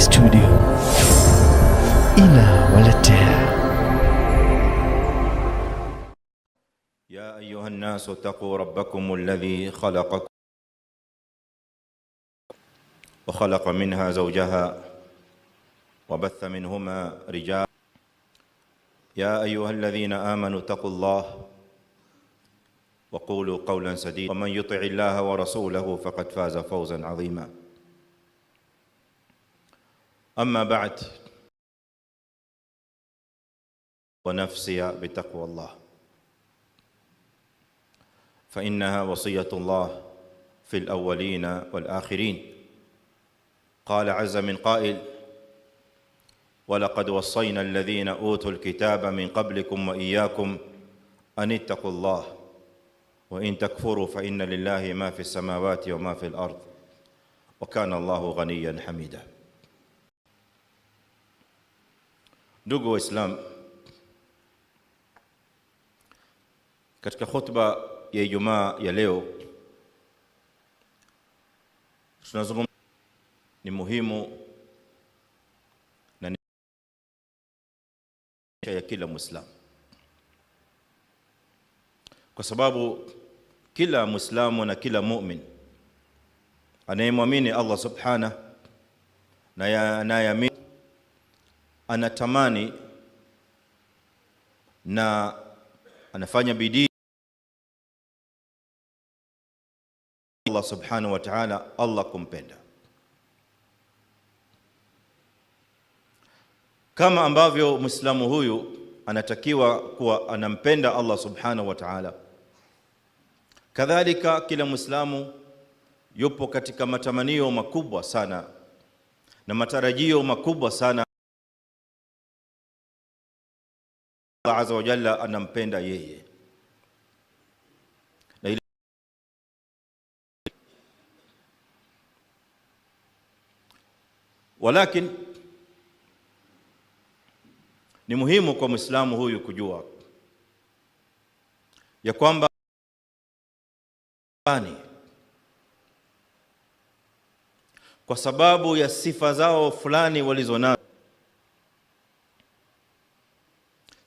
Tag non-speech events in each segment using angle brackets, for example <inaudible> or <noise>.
استوديو إلى ولدتها يا أيها الناس اتقوا ربكم الذي خلقكم وخلق منها زوجها وبث منهما رجال يا أيها الذين آمنوا اتقوا الله وقولوا قولا سديدا ومن يطع الله ورسوله فقد فاز فوزا عظيما أما بعد ونفسي بتقوى الله فإنها وصية الله في الأولين والآخرين قال عز من قائل ولقد وصينا الذين أوتوا الكتاب من قبلكم وإياكم أن اتقوا الله وإن تكفروا فإن لله ما في السماوات وما في الأرض وكان الله غنيا حميدا Ndugu Waislamu, katika khutba ya Ijumaa ya leo tunazungumza ni muhimu na ya kila Muislamu, kwa sababu kila Muislamu na kila mumin anayemwamini Allah subhanahu na anayeamini anatamani na anafanya bidii Allah subhanahu wa ta'ala, Allah kumpenda kama ambavyo Muislamu huyu anatakiwa kuwa anampenda Allah subhanahu wa ta'ala. Kadhalika kila Muislamu yupo katika matamanio makubwa sana na matarajio makubwa sana Allah azza wa jalla anampenda yeye na ili walakin ni muhimu kwa Muislamu huyu kujua ya kwamba kwa sababu ya sifa zao fulani walizonazo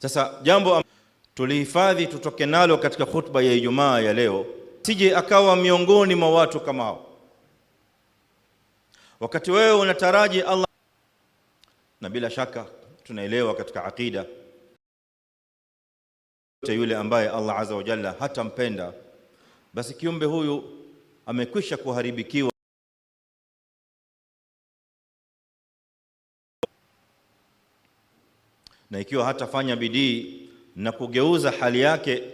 Sasa jambo tulihifadhi tutoke nalo katika khutba ya Ijumaa ya leo, sije akawa miongoni mwa watu kama hao. Wakati wewe unataraji Allah, na bila shaka tunaelewa katika akida yule ambaye Allah azza wa jalla hatampenda, basi kiumbe huyu amekwisha kuharibikiwa. na ikiwa hatafanya bidii na kugeuza hali yake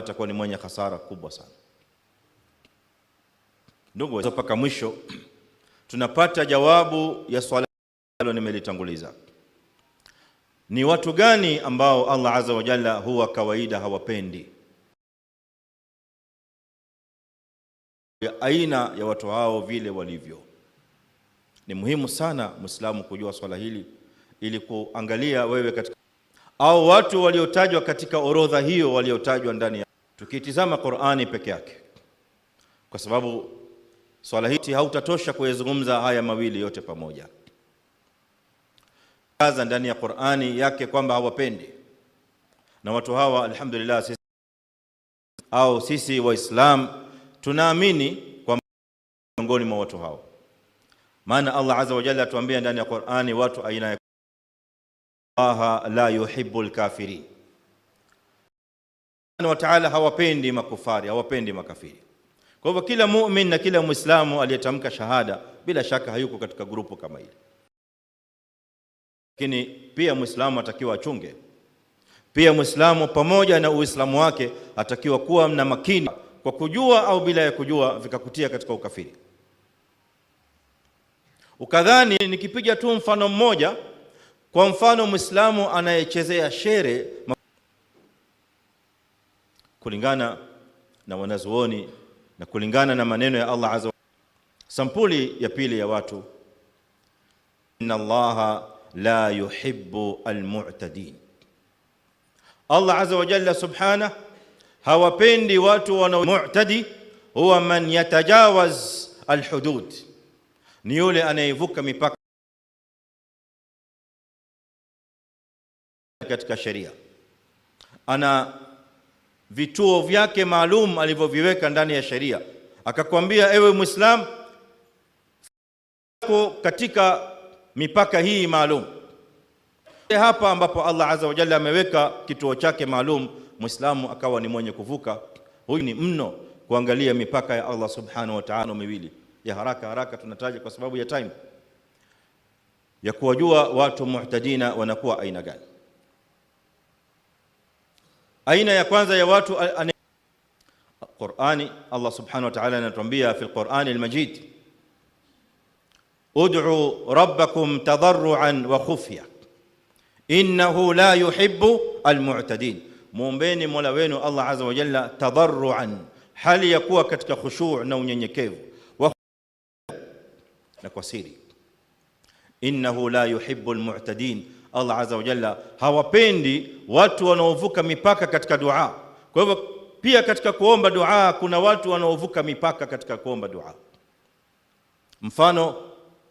atakuwa ni mwenye hasara kubwa sana. Ndugu, mpaka mwisho tunapata jawabu ya swali ambalo nimelitanguliza: ni watu gani ambao Allah azza wa jalla huwa kawaida hawapendi? Ya aina ya watu hao vile walivyo ni muhimu sana Muislamu kujua swala hili ili kuangalia wewe katika au watu waliotajwa katika orodha hiyo waliotajwa ndani ya tukitizama Qur'ani peke yake, kwa sababu swala hili hautatosha kuyazungumza haya mawili yote pamoja. Kaza ndani ya Qur'ani yake kwamba hawapendi na watu hawa, alhamdulillah, sisi au sisi waislam tunaamini kwa miongoni mwa watu hao maana Allah azza wa jalla atuambia ndani ya Qur'ani watu aina ya Allah la al-kafiri wa taala hawapendi makufari, hawapendi makafiri. Kwa hivyo kila mumin na kila Muislamu aliyetamka shahada bila shaka hayuko katika grupu kama ile, lakini pia Muislamu atakiwa achunge. Pia Muislamu pamoja na Uislamu wake atakiwa kuwa na makini, kwa kujua au bila ya kujua, vikakutia katika ukafiri. Ukadhani nikipiga tu mfano mmoja, kwa mfano Mwislamu anayechezea shere kulingana na wanazuoni na kulingana na maneno ya Allah azza. Sampuli ya pili ya watu, inna Allaha la yuhibbu almu'tadin, Allah azza wa jalla subhana hawapendi watu mu'tadi, Huwa man yatajawaz alhudud ni yule anayevuka mipaka katika sheria. Ana vituo vyake maalum alivyoviweka ndani ya sheria, akakwambia ewe Muislam, katika mipaka hii maalum hapa ambapo Allah azza wa jalla ameweka kituo chake maalum, Muislamu akawa ni mwenye kuvuka, huyu ni mno kuangalia mipaka ya Allah subhanahu wa ta'ala miwili. ya haraka haraka tunataja kwa sababu ya time ya kuwajua watu muhtajina wanakuwa aina gani. Aina ya kwanza ya watu Qur'ani, Allah subhanahu wa ta'ala anatuambia fi al-Qur'ani al-Majid, ud'u rabbakum tadarruan wa khufya innahu la yuhibbu al-mu'tadin, muombeni mola wenu Allah azza wa jalla tadarruan, hali ya kuwa katika khushu' na unyenyekevu na kwa siri. Innahu la yuhibbu almu'tadin, Allah azza wa jalla hawapendi watu wanaovuka mipaka katika dua. Kwa hivyo pia katika kuomba dua kuna watu wanaovuka mipaka katika kuomba dua. Mfano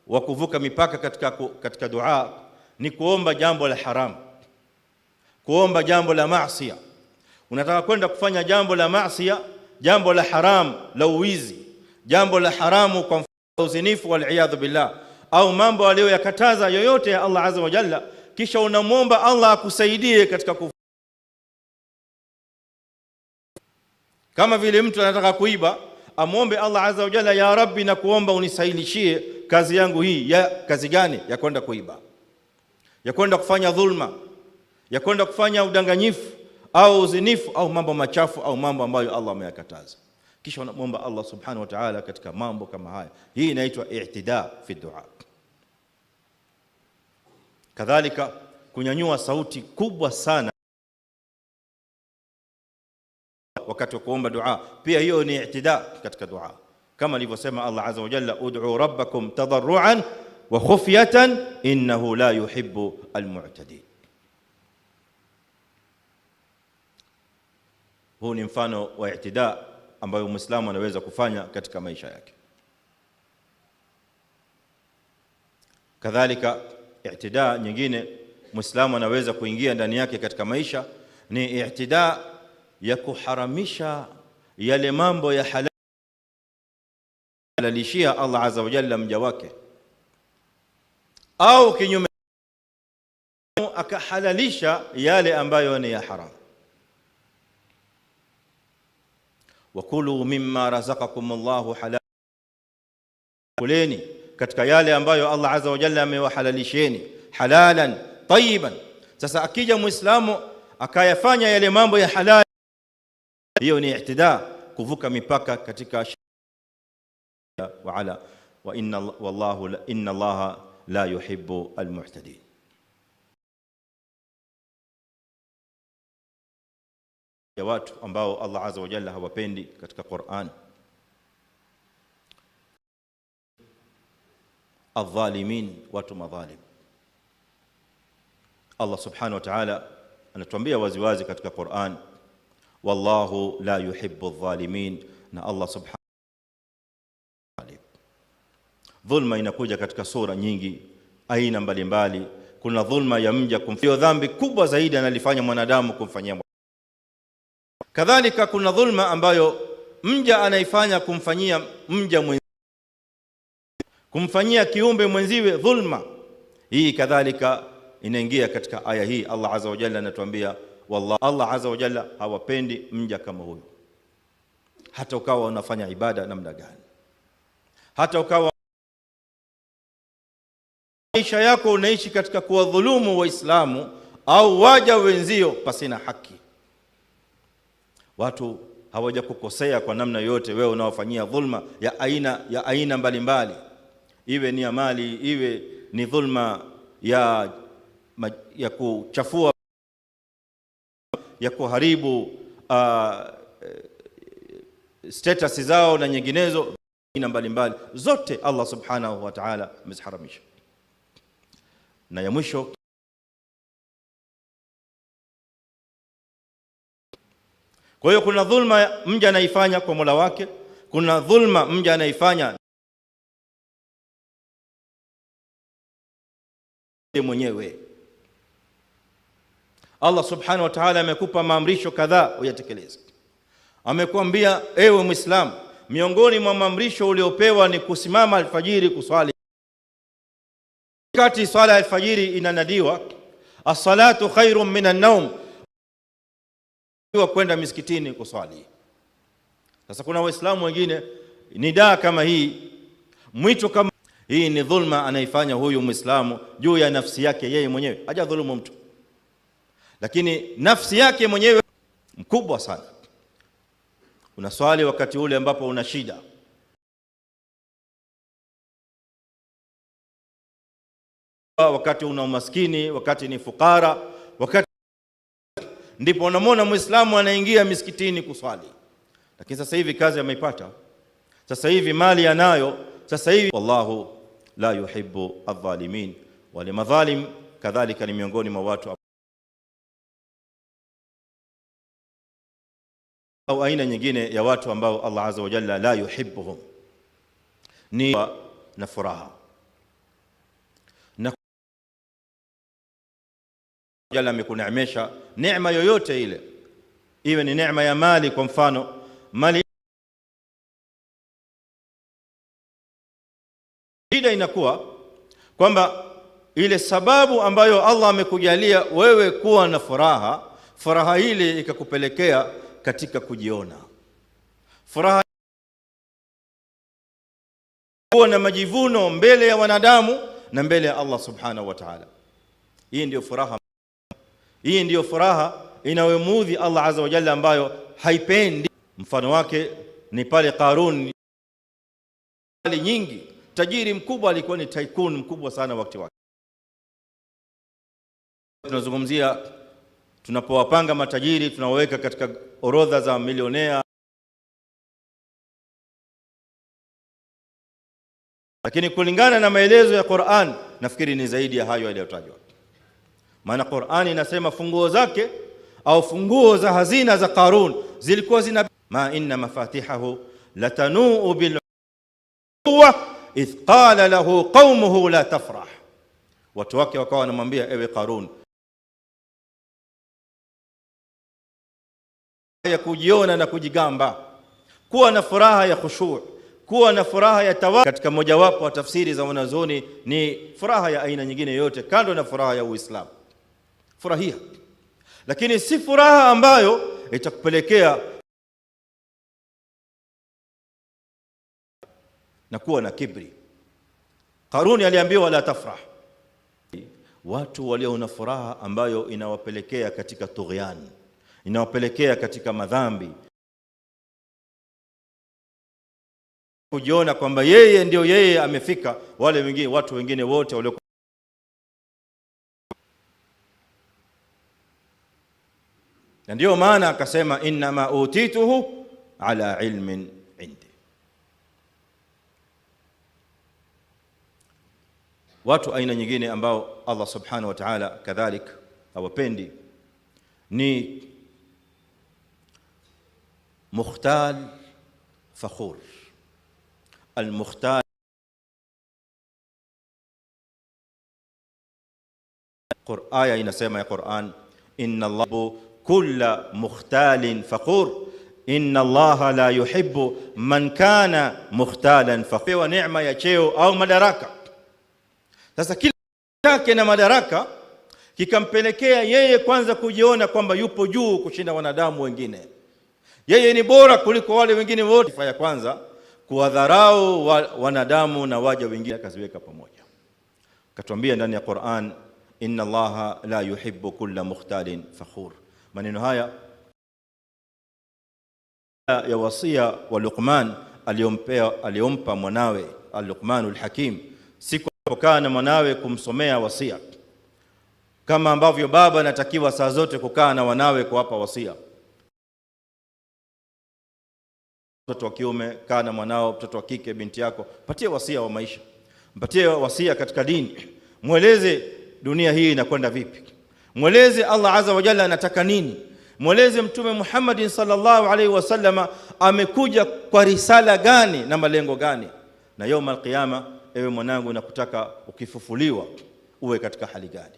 wa kuvuka mipaka katika, katika dua ni kuomba jambo la haramu, kuomba jambo la maasi. Unataka kwenda kufanya jambo la maasi, jambo la haramu la uwizi, jambo la haramu kwa uzinifu waliyadhu billah, au mambo aliyoyakataza yoyote ya Allah azza wa jalla, kisha unamwomba Allah akusaidie katika kufu. Kama vile mtu anataka kuiba, amwombe Allah azza wa jalla, ya Rabbi, na kuomba unisailishie kazi yangu hii. Ya kazi gani? Ya kwenda kuiba, ya kwenda kufanya dhulma, ya kwenda kufanya udanganyifu au uzinifu au mambo machafu au mambo ambayo Allah ameyakataza kisha wanamwomba Allah subhanahu wa ta'ala katika mambo kama haya. Hii inaitwa i'tida fi dua. Kadhalika kunyanyua sauti kubwa sana wakati wa kuomba dua, pia hiyo ni i'tida katika dua, kama alivyosema Allah azza wa jalla, ud'u rabbakum tadarruan wa khufyatan innahu la yuhibbu almu'tadin. Huu ni mfano wa i'tida ambayo Muislamu anaweza kufanya katika maisha yake. Kadhalika, i'tida nyingine Muislamu anaweza kuingia ndani yake katika maisha ni i'tida ya kuharamisha yale mambo ya halali Allah azza wa jalla mja wake, au kinyume akahalalisha yale ambayo ni ya haramu. wakulu mima razaqakum Allahu halal, kuleni katika yale ambayo Allah azza wa jalla amewahalalisheni halalan tayyiban. Sasa akija muislamu akayafanya yale mambo ya halali, hiyo ni i'tida, kuvuka mipaka katika wa ala wa inna wallahu inna Allaha la yuhibbu almu'tadin. ya watu ambao Allah azza wa jalla hawapendi katika Qur'an. Adh-dhalimin, watu madhalim. Allah subhanahu wa ta'ala anatuambia waziwazi katika Qur'an, wallahu la yuhibbu adh-dhalimin, na Allah subhanahu Dhulma inakuja katika sura nyingi aina mbalimbali mbali. Kuna dhulma ya mja kumfanyia dhambi kubwa zaidi analifanya mwanadamu kumfanyia Kadhalika kuna dhulma ambayo mja anaifanya kumfanyia mja mwenziwe, kumfanyia kiumbe mwenziwe dhulma hii, kadhalika inaingia katika aya hii. Allah azza wa jalla anatuambia, wallahi Allah azza wa jalla hawapendi mja kama huyu, hata ukawa unafanya ibada namna gani, hata ukawa maisha yako unaishi katika kuwadhulumu Waislamu au waja wenzio pasina haki. Watu hawajakukosea kwa namna yote, wewe unaofanyia dhulma ya aina ya aina mbalimbali, iwe ni ya mali, iwe ni dhulma ya, ya kuchafua, ya kuharibu uh, status zao na nyinginezo aina mbalimbali zote, Allah subhanahu wa ta'ala ameziharamisha. Na ya mwisho Kwa hiyo kuna dhulma mja anaifanya kwa Mola wake, kuna dhulma mja anaifanya mwenyewe. Allah subhanahu wa ta'ala amekupa maamrisho kadhaa uyatekeleze. Amekuambia ewe Muislamu, miongoni mwa maamrisho uliopewa ni kusimama alfajiri kuswali. Wakati swala ya alfajiri inanadiwa, as-salatu khairun minan nawm wa kwenda misikitini kuswali. Sasa kuna Waislamu wengine nidaa kama hii, mwito kama hii, ni dhulma anaifanya huyu Muislamu juu ya nafsi yake yeye mwenyewe. Hajadhulumu mtu, lakini nafsi yake mwenyewe mkubwa sana. Unaswali wakati ule ambapo una shida wakati una umaskini, wakati ni fukara, wakati ndipo unamwona Muislamu anaingia misikitini kuswali, lakini sasa hivi kazi ameipata, sasa hivi mali anayo, sasa hivi. Wallahu la yuhibbu adh-dhalimin, wale madhalim kadhalika ni miongoni mwa watu au aina nyingine ya watu ambao Allah azza wa jalla la yuhibbuhum ni na furaha na jalla amekuneemesha neema yoyote ile, iwe ni neema ya mali, kwa mfano mali shida inakuwa kwamba ile sababu ambayo Allah amekujalia wewe kuwa na furaha, furaha ile ikakupelekea katika kujiona, furaha kuwa na majivuno mbele ya wanadamu na mbele ya Allah subhanahu wa ta'ala. Hii ndio furaha hii ndiyo furaha inayomudhi Allah azza wa jalla, ambayo haipendi. Mfano wake ni pale Qarun, mali nyingi, tajiri mkubwa, alikuwa ni tycoon mkubwa sana wakati wake. Tunazungumzia tunapowapanga matajiri, tunawaweka katika orodha za milionea lakini kulingana na maelezo ya Qur'an nafikiri ni zaidi ya hayo yaliyotajwa. Maana Qur'ani inasema funguo zake au funguo za hazina za Qarun zilikuwa zina ma inna mafatihahu latanuu bil quwwa idh qala lahu qaumuhu la tafrah, watu wake wakawa wanamwambia ewe Qarun ya kujiona na kujigamba, kuwa na furaha ya khushu, kuwa na furaha ya tawa. Katika mojawapo wa tafsiri za wanazuoni ni furaha ya aina nyingine yoyote kando na furaha ya Uislamu furahia, lakini si furaha ambayo itakupelekea na kuwa na kibri. Karuni aliambiwa la tafrah, watu walio na furaha ambayo inawapelekea katika tughyan, inawapelekea katika madhambi, kujiona kwamba yeye ndio yeye amefika, wale wengine watu wengine wote walio na ndio maana akasema innama utituhu ala ilmin indi watu aina nyingine ambao allah subhanahu wa taala kadhalik hawapendi ni mukhtal fakhur almukhtal aya inasema ya quran inna Allahu kulla mukhtalin fakhur inna allaha la yuhibbu man kana mukhtalan fakhur. Neema ya cheo au madaraka. Sasa kila yake na madaraka kikampelekea yeye kwanza kujiona kwamba yupo juu kushinda wanadamu wengine, yeye ni bora kuliko wale wengine wote. Ya kwanza kuwadharau wa, wanadamu na waja wengine, akaziweka pamoja. Katuambia ndani ya Qur'an, inna allaha la yuhibbu kulla mukhtalin fakhur Maneno haya ya wasia wa Luqman aliyompea aliompa mwanawe Luqmanul Hakim siku alipokaa na mwanawe kumsomea wasia, kama ambavyo baba anatakiwa saa zote kukaa na wanawe kuwapa wasia. Mtoto wa kiume, kaa na mwanao. Mtoto wa kike, binti yako, patie wasia wa maisha, mpatie wasia katika dini, mweleze dunia hii inakwenda vipi Mweleze Allah azza wa jalla anataka nini, mweleze Mtume Muhammadin sallallahu alaihi wasallama amekuja kwa risala gani na malengo gani. Na yauma alqiyama, ewe mwanangu, nakutaka ukifufuliwa uwe katika hali gani?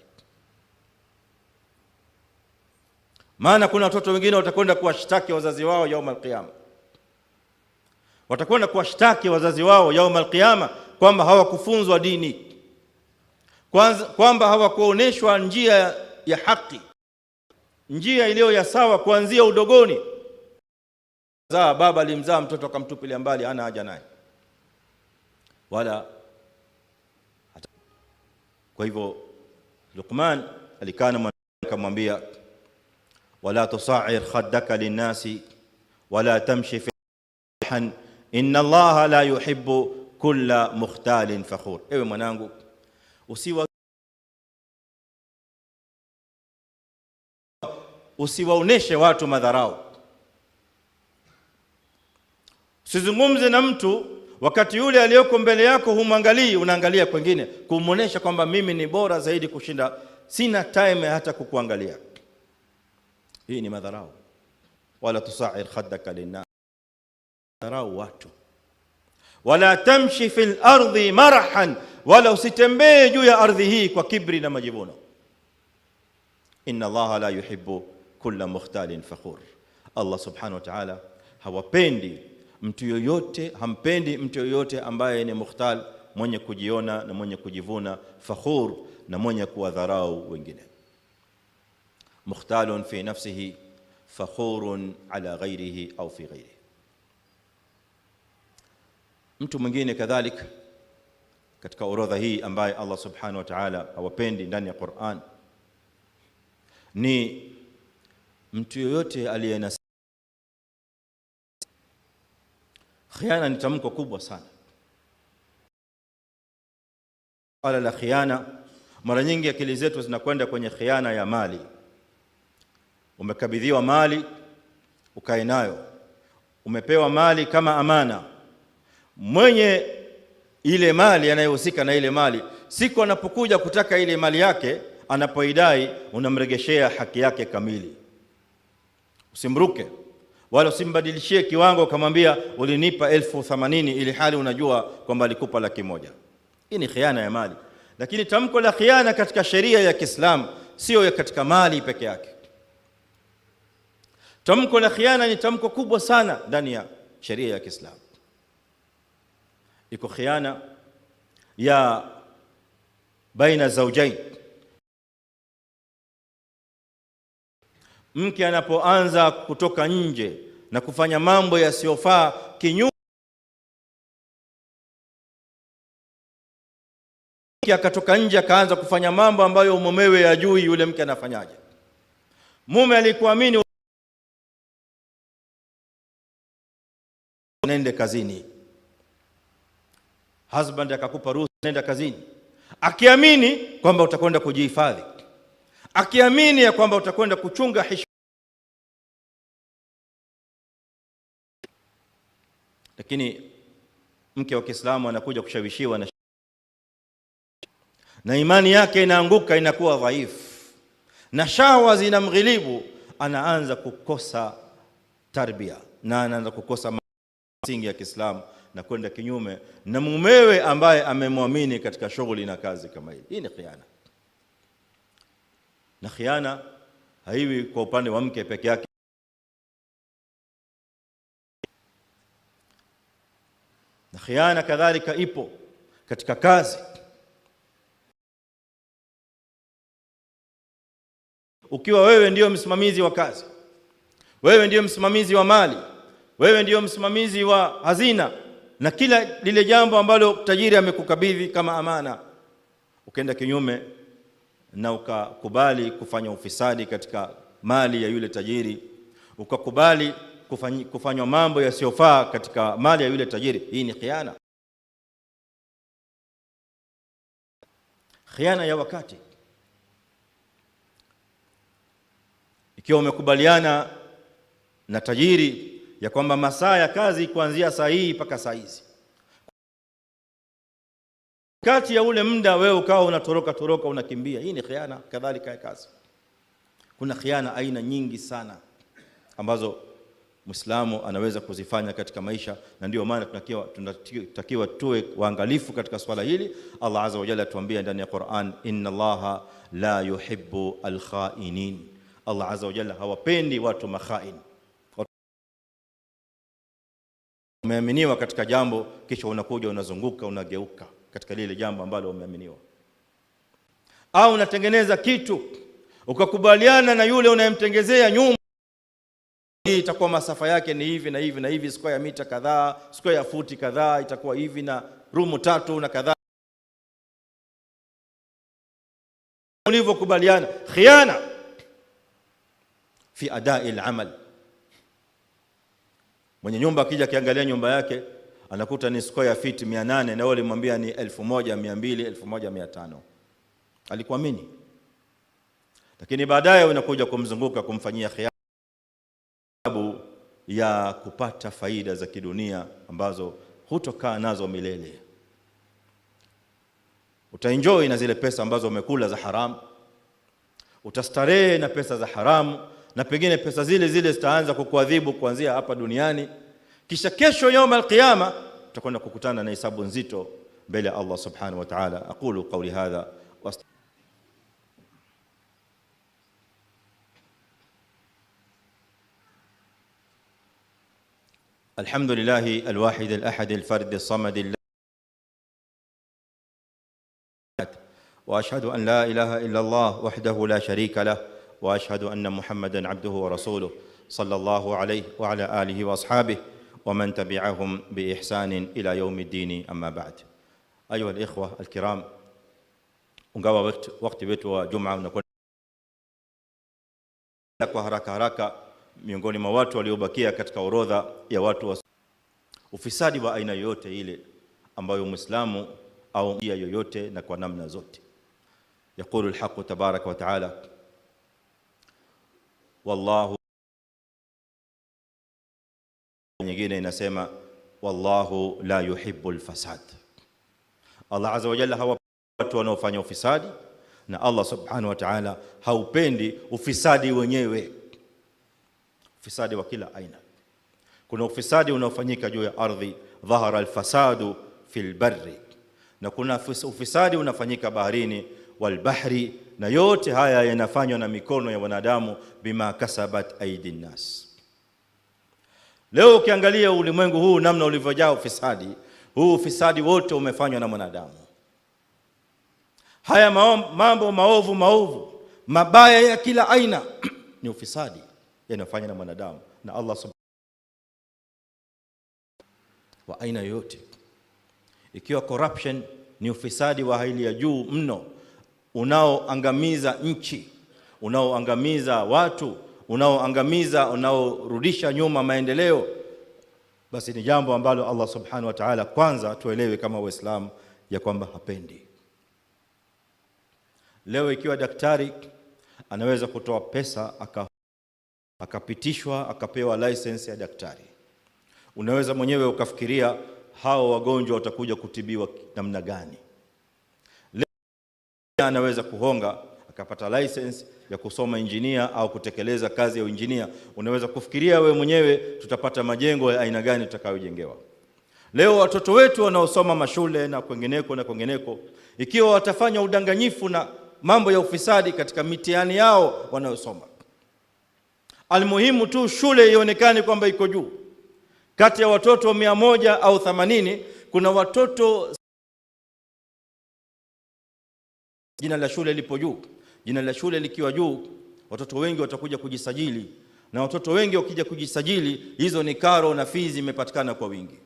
Maana kuna watoto wengine watakwenda kuwashtaki wazazi wao yauma alqiyama, watakwenda kuwashtaki wazazi wao yauma alqiyama kwamba hawakufunzwa dini, kwamba hawakuoneshwa njia ya haki, njia iliyo ya sawa kuanzia udogoni. Zaa baba alimzaa mtoto akamtupilia mbali, ana haja naye wala. Kwa hivyo Luqman alikana akamwambia, wala tusair khaddaka linnasi wala tamshi fihan inna Allaha la yuhibbu kulla mukhtalin fakhur, ewe mwanangu usiwa usiwaoneshe watu madharau. Usizungumze na mtu wakati yule aliyoko mbele yako humwangalii, unaangalia kwengine kumwonyesha kwamba mimi ni bora zaidi kushinda, sina time hata kukuangalia. Hii ni madharau. Wala tusair khaddaka linnas, watu. Wala tamshi fil ardi marahan, wala usitembee juu ya ardhi hii kwa kibri na majivuno. Inna Allaha la yuhibbu kula mukhtalin fakhur. Allah subhanahu wa ta'ala hawapendi mtu yoyote, hampendi mtu yoyote ambaye ni mukhtal, mwenye kujiona na mwenye kujivuna, fakhur na mwenye kuwadharau wengine. Mukhtalun fi nafsihi fakhurun ala ghairihi au fi ghairihi. Mtu mwingine kadhalika katika orodha hii ambaye Allah subhanahu wa ta'ala hawapendi ndani ya Qur'an ni mtu yoyote aliye na khiana ni tamko kubwa sana. Swala la khiana, mara nyingi akili zetu zinakwenda kwenye khiana ya mali. Umekabidhiwa mali ukae nayo, umepewa mali kama amana. Mwenye ile mali, anayehusika na ile mali, siku anapokuja kutaka ile mali yake, anapoidai, unamregeshea haki yake kamili usimruke wala usimbadilishie kiwango, ukamwambia ulinipa elfu themanini ili hali unajua kwamba alikupa laki moja. Hii ni khiana ya mali, lakini tamko la khiana katika sheria ya Kiislamu sio katika mali peke yake. Tamko la khiana ni tamko kubwa sana ndani ya sheria ya Kiislamu. Iko khiana ya baina zaujaini mke anapoanza kutoka nje na kufanya mambo yasiyofaa kinyume akatoka nje akaanza kufanya mambo ambayo mumewe yajui, yule mke anafanyaje? Mume alikuamini nende kazini, husband akakupa ruhusa, nenda kazini, akiamini kwamba utakwenda kujihifadhi, akiamini ya kwamba utakwenda kuchunga heshima Lakini mke wa Kiislamu anakuja kushawishiwa na na imani yake inaanguka, inakuwa dhaifu na shawa zinamghilibu, anaanza kukosa tarbia na anaanza kukosa msingi ya Kiislamu na kwenda kinyume na mumewe ambaye amemwamini katika shughuli na kazi kama hii. Hii ni khiana, na khiana haiwi kwa upande wa mke peke yake. na khiana kadhalika ipo katika kazi. Ukiwa wewe ndiyo msimamizi wa kazi, wewe ndiyo msimamizi wa mali, wewe ndiyo msimamizi wa hazina na kila lile jambo ambalo tajiri amekukabidhi kama amana, ukaenda kinyume na ukakubali kufanya ufisadi katika mali ya yule tajiri, ukakubali kufanywa mambo yasiyofaa katika mali ya yule tajiri. Hii ni khiana, khiana ya wakati. Ikiwa umekubaliana na tajiri ya kwamba masaa ya kazi kuanzia saa hii mpaka saa hizi, kati ya ule muda wewe ukawa unatoroka toroka, unakimbia, hii ni khiana. Kadhalika ya kazi, kuna khiana aina nyingi sana ambazo Muislamu anaweza kuzifanya katika maisha, na ndio maana tunatakiwa tuwe waangalifu katika swala hili. Allah azza wa jalla atuambia ndani ya Qur'an, inna llaha la yuhibbu alkhainin, Allah azza wa jalla hawapendi watu makhain. Umeaminiwa katika jambo kisha unakuja unazunguka unageuka katika lile jambo ambalo umeaminiwa, au unatengeneza kitu ukakubaliana na yule unayemtengezea nyumba hii itakuwa masafa yake ni hivi na hivi na hivi, square ya mita kadhaa, square ya futi kadhaa, itakuwa hivi na rumu tatu na kadhaa. Ulivyokubaliana khiana fi adai al-amal. Mwenye nyumba akija akiangalia nyumba yake anakuta ni square ya feet 800 na wewe ulimwambia ni 1200, 1500. Alikuamini, lakini baadaye unakuja kumzunguka kumfanyia khiana ya kupata faida za kidunia ambazo hutokaa nazo milele. Utaenjoy na zile pesa ambazo umekula za haramu, utastarehe na pesa za haramu, na pengine pesa zile zile zitaanza kukuadhibu kuanzia hapa duniani, kisha kesho yaum alqiyama utakwenda kukutana na hisabu nzito mbele ya Allah subhanahu wa ta'ala. aqulu qawli hadha الحمد لله الواحد الأحد الفرد الصمد الله واشهد ان لا اله الا الله وحده لا شريك له واشهد ان محمدا عبده ورسوله صلى الله عليه وعلى اله واصحابه ومن تبعهم باحسان الى يوم الدين اما بعد ايها الاخوه الكرام ingawa wakati wetu wa juma unakwenda kwa haraka haraka miongoni mwa watu waliobakia katika orodha ya watu wa ufisadi wa aina yoyote ile ambayo Muislamu au njia yoyote na kwa namna zote. Yaqulu alhaqu tabaraka wa taala, wallahu nyingine inasema wallahu la yuhibbu alfasad. Allah azza wa jalla hawa watu wanaofanya ufisadi, na Allah subhanahu wa taala haupendi ufisadi wenyewe ufisadi wa kila aina. Kuna ufisadi unaofanyika juu ya ardhi, dhahara alfasadu fil barri, na kuna ufisadi unafanyika baharini bahri, na yote haya yanafanywa na mikono ya wanadamu, bima kasabat aidi nas. Leo ukiangalia ulimwengu huu namna ulivyojaa ufisadi, huu ufisadi wote umefanywa na mwanadamu. Haya mambo maovu maovu mabaya ya kila aina <clears throat> ni ufisadi yanayofanywa na mwanadamu na Allah wa aina yoyote, ikiwa corruption ni ufisadi wa hali ya juu mno unaoangamiza nchi, unaoangamiza watu, unaoangamiza, unaorudisha nyuma maendeleo, basi ni jambo ambalo Allah subhanahu wa ta'ala, kwanza tuelewe kama Waislamu ya kwamba hapendi. Leo ikiwa daktari anaweza kutoa pesa aka akapitishwa akapewa license ya daktari. Unaweza mwenyewe ukafikiria hao wagonjwa watakuja kutibiwa namna gani? Leo anaweza kuhonga akapata license ya kusoma injinia au kutekeleza kazi ya uinjinia. Unaweza kufikiria we mwenyewe tutapata majengo ya aina gani tutakayojengewa. Leo watoto wetu wanaosoma mashule na kwengineko na kwengineko, ikiwa watafanya udanganyifu na mambo ya ufisadi katika mitihani yao wanayosoma Almuhimu tu shule ionekane kwamba iko juu. Kati ya watoto mia moja au themanini kuna watoto jina la shule lipo juu. Jina la shule likiwa juu, watoto wengi watakuja kujisajili, na watoto wengi wakija kujisajili, hizo ni karo na fees zimepatikana kwa wingi.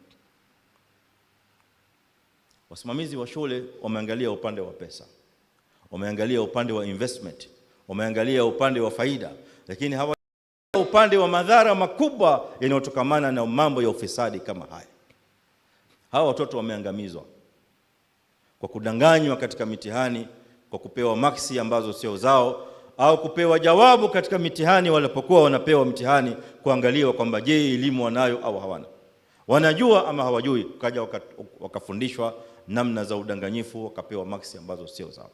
Wasimamizi wa shule wameangalia upande wa pesa, wameangalia upande wa investment, wameangalia upande wa faida, lakini hawa upande wa madhara makubwa yanayotokamana na mambo ya ufisadi kama haya. Hawa watoto wameangamizwa kwa kudanganywa katika mitihani, kwa kupewa maksi ambazo sio zao, au kupewa jawabu katika mitihani walipokuwa wanapewa mtihani, kuangaliwa kwamba je, elimu wanayo au hawana, wanajua ama hawajui. Kaja wakafundishwa namna za udanganyifu, wakapewa maksi ambazo sio zao.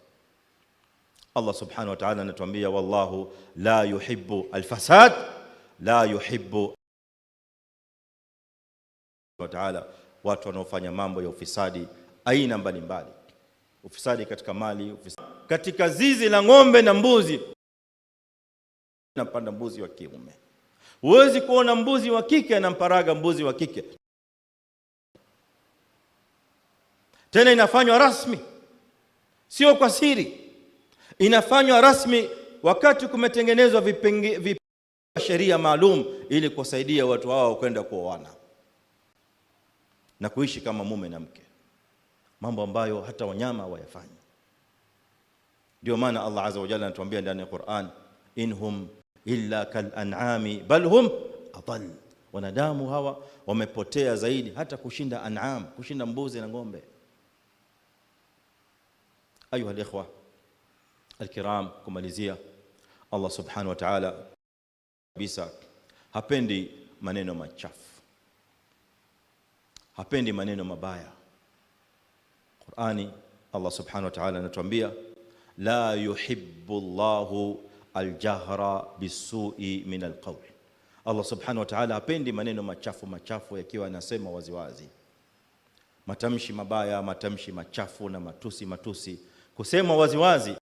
Allah subhanahu wa ta'ala anatuambia, wallahu la yuhibbu alfasad la yuhibbu wa taala, watu wanaofanya mambo ya ufisadi aina mbalimbali, ufisadi katika mali, ufisadi katika zizi la ng'ombe na mbuzi. Napanda mbuzi wa kiume, huwezi kuona mbuzi wa kike anamparaga mbuzi wa kike, tena inafanywa rasmi, sio kwa siri, inafanywa rasmi wakati kumetengenezwa vipenge, vipenge sheria maalum ili kuwasaidia watu hao kwenda kuoana na kuishi kama mume na mke, mambo ambayo hata wanyama wayafanya. Ndio maana Allah azza wa jalla anatuambia ndani ya Qur'an, inhum illa kal an'ami bal hum adall, wanadamu hawa wamepotea zaidi hata kushinda an'am, kushinda mbuzi na ng'ombe. Ayuha alikhwa alkiram, kumalizia Allah subhanahu wa ta'ala kabisa, hapendi maneno machafu, hapendi maneno mabaya. Qurani, Allah subhanahu wa ta'ala anatuambia la yuhibbu llahu aljahra bisui min alqawl, Allah subhanahu wa ta'ala hapendi maneno machafu machafu yakiwa yanasema waziwazi, matamshi mabaya, matamshi machafu na matusi matusi, kusema waziwazi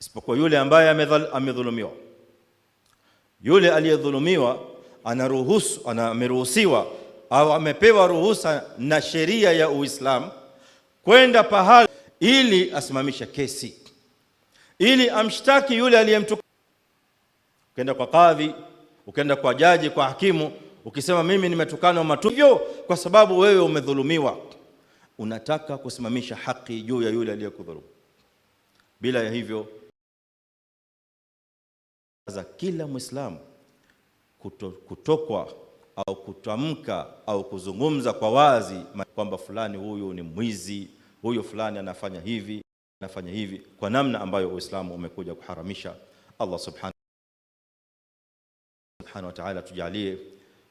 isipokuwa yule ambaye amedhulumiwa. Yule aliyedhulumiwa anaruhusu, ameruhusiwa au amepewa ruhusa na sheria ya Uislamu kwenda pahali ili asimamishe kesi, ili amshtaki yule aliyemtuka Ukenda kwa kadhi, ukenda kwa jaji, kwa hakimu, ukisema mimi nimetukana matu kwa sababu wewe umedhulumiwa, unataka kusimamisha haki juu ya yule aliyekudhulumu. Bila ya hivyo za kila Mwislamu kuto, kutokwa au kutamka au kuzungumza kwa wazi kwamba fulani huyu ni mwizi, huyu fulani anafanya hivi anafanya hivi, kwa namna ambayo Uislamu umekuja kuharamisha. Allah subhanahu wa ta'ala tujalie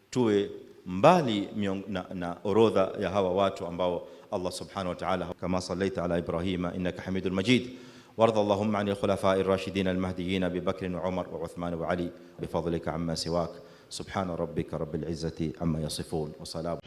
tuwe mbali na, na orodha ya hawa watu ambao Allah subhanahu wa ta'ala, kama sallaita ala Ibrahima innaka hamidul majid وارض اللهم عن الخلفاء الراشدين المهديين أبي بكر وعمر وعثمان وعلي بفضلك عما سواك سبحان ربك رب العزة عما يصفون وسلام